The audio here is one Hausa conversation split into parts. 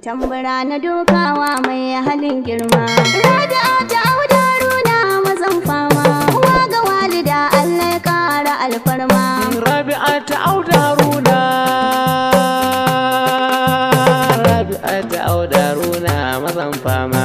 tambura na dokawa mai halin girma raja ta auda runa mazan fama uwa ga walida allah ya kara alfarma rabi'a ta auda runa rabi'a ta auda runa mazan fama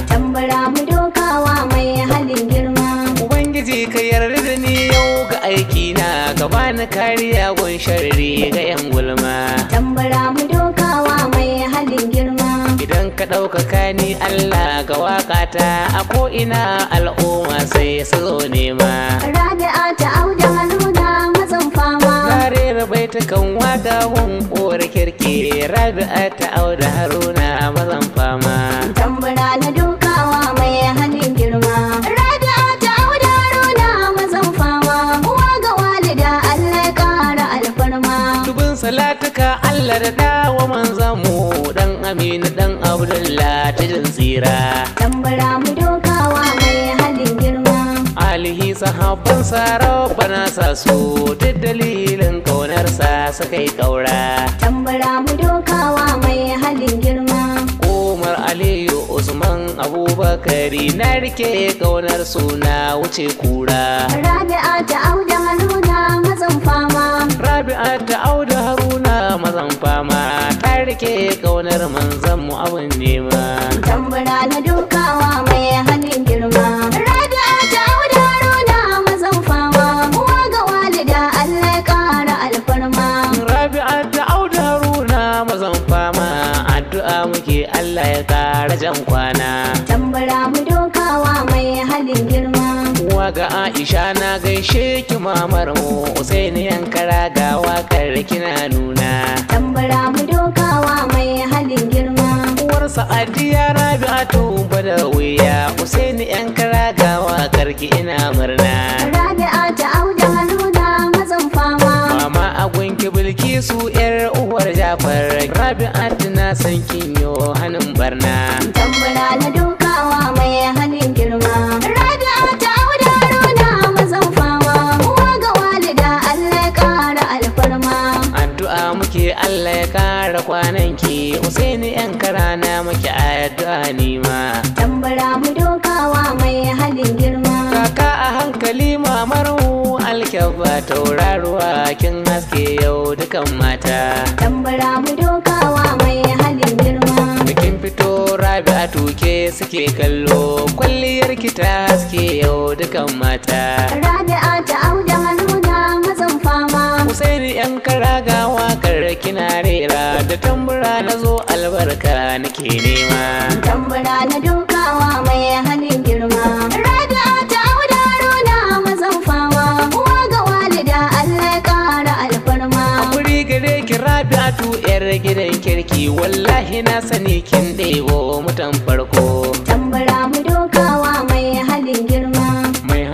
ka yarda da ni yau ga aiki na ka bani kariya gun sharri ga yan gulma tambara mu dokawa mai halin girma idan ka ɗaukaka ni Allah ga wakata a ko ina al'umma sai su zo nema rabi'a ta auda maluna mazan fama na ta baitukan waka mun kore kirki rabi'a ta auda sallar da wa mu dan aminu dan abdullah jin tsira dan bara mu dokawa mai halin girma alihi sahabban saro bana sa su duk dalilin ƙaunarsa suka yi kaura dan bara mu dokawa mai halin girma umar aliyu usman abubakari na rike kaunar suna wuce kura rabi'a ta auda haruna mazan fama rabi'a ta auda haruna mazan fama ta rike kaunar manzan mu abin nema tambura na dukawa mai halin girma rabi'a ta audaro na mazan fama uwa ga walida Allah ya kara alfarma rabi'a ta audaro na mazan fama addu'a muke Allah ya kara jan kwana ga Aisha na gaishe ki mamar mu Usaini Yankara ga wakar kina nuna Tambara mu dokawa mai halin girma Uwar Sa'adiya Rabi'atu bada wuya Usaini Yankara ga wakar ki ina murna Rabi'a ta auda haluna mazan fama Mama agun ki Bilkisu yar uwar Jafar Rabi'a na san kin yo hanin barna Tambara na nima tambara mu dokawa mai halin girma kaka a hankali mamaru alkyabba tauraruwa kin haske yau dukan mata tambara mu dokawa mai halin girma bikin fito rabi a tuke suke kallo kwalliyar ki ta haske yau dukan mata rabi a ta auda hannu na mazan fama usaini yan kara ga wakar kinare da tambura na zo albarka nake nema tambura na dukawa mai hannun girma rabi'a ta auda rona mazan fama uwa ga walida allah ya kara alfarma amuri gare ki rabi'a tu yar gidan kirki wallahi na sani kin ɗebo mutan farko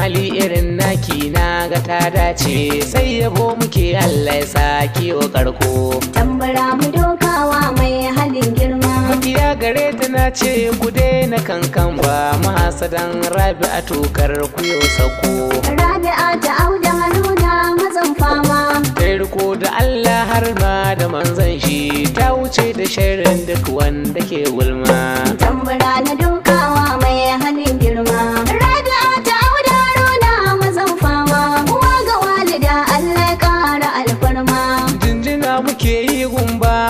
hali irin naki na ga ta dace sai yabo muke Allah ya sa kiwo karko tambara mu dokawa mai halin girma mafiya gare ta na ce ku na kankan ba mahasadan rabi'a tokar ku yau sako rabi'a ta auda nuna mazan fama riko da Allah har ma da manzan shi ta wuce da shirin duk wanda ke gulma tambara na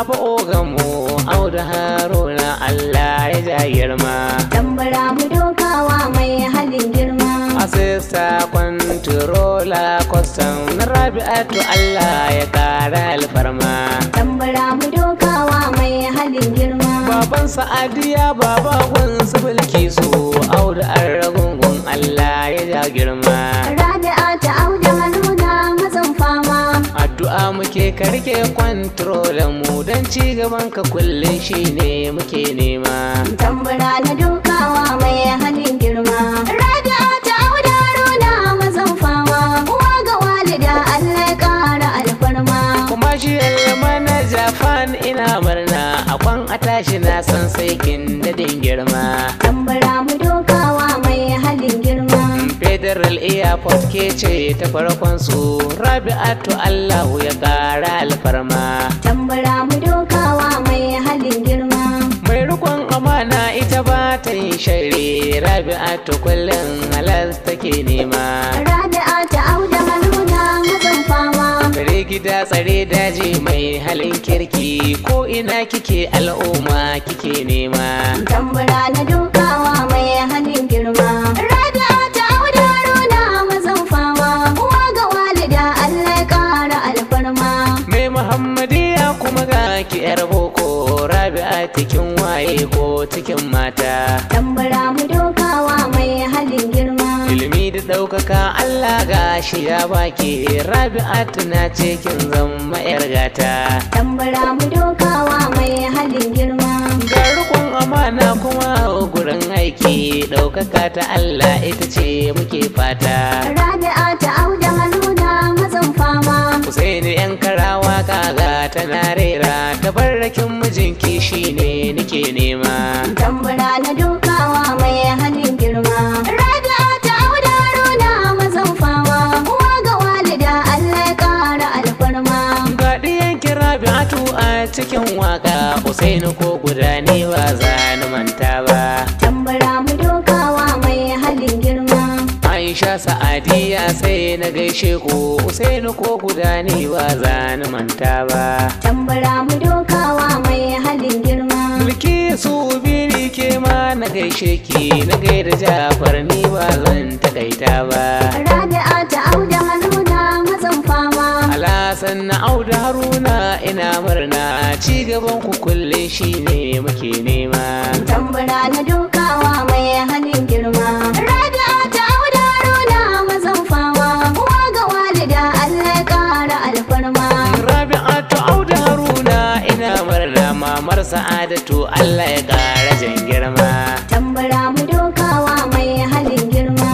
fa oganmu audu haruna Allah ya ja girma. Tambara mu dokawa mai halin girma. A sista kwantirola kwastam na rabi'atu Allah ya kara alfarma. Tambara mu dokawa mai halin girma. Baban sa'adiya baba gun su bilki su audu an ragungun Allah ya ja girma. kai ka rike mu don ci gaban ka kullum shi ne muke nema. Tambura na dukawa mai halin girma. Rabi'a ta auda rona mazan fama, uwa ga walida Allah ƙara alfarma. Kuma shi mana Jafan ina murna, a kwan a na san sai kin dadin girma. Tambura mu dukawa mai halin girma. federal air force ke ce ta farkon su rabi'atu allahu ya kara alfarma tambara mu dokawa mai halin girma mai rikon amana ita ba ta yi shari rabi'atu kullum halas ke nema rabi'atu da manuna mazan fama tsare gida tsare daji mai halin kirki ko ina kike al'umma kike nema tambara na mazaɓe ko cikin mata tambara mu dokawa mai halin girma ilimi da ɗaukaka allah gashi ya baki rabi'atu na cikin zama yar gata tambara mu dokawa mai halin girma garkun amana kuma gurin aiki ɗaukaka ta allah ita ce muke fata rabi'atu auda maluna mazan fama Usaini yan karawa kaga tana rera tabarrakin mijinki shine nake nema na dukawa mai hannun girma rabi'a ta auda rona mazan fama uwa ga walida Allah ya kara alfarma ga ɗiyan rabi'atu a cikin waƙa. Usaini ko guda ne ba za ni manta ba tambura mu dukawa mai halin girma Aisha Sa'adiya sai na gaishe ku Usaini ko guda ne ba za manta ba Tambara mu dukawa mai halin girma bilki su biri ke ma na gaishe ki na gaida jafar ni ba zan takaita ba rabi'a ta auda haruna mazan fama alasan na auda haruna ina murna ci gaban ku shi shine muke nema tambara na dukawa sa'adatu Allah ya ƙara jin girma. Tambara mu dokawa mai halin girma.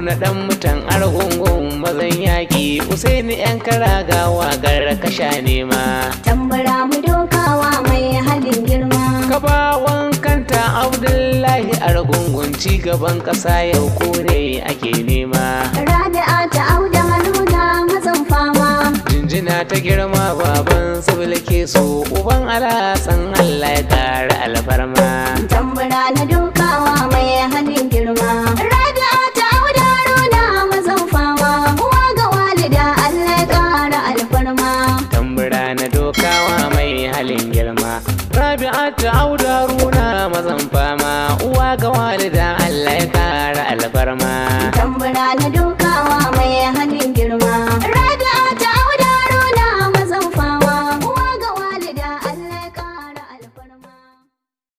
na ɗan mutan argungun mazan yaƙi Usaini ‘yan karagawa gara kasha nema. Tambara mu dokawa mai halin girma. Kabawan kanta Abdullahi argungun ci gaban ƙasa yau kore ake nema. jina ta girma baban sulke so uban alasan Allah ya kara alfarma tambura na dukawa mai hannun girma na uwa ga walida Allah ya alfarma tambura na dukawa mai halin girma na tambura na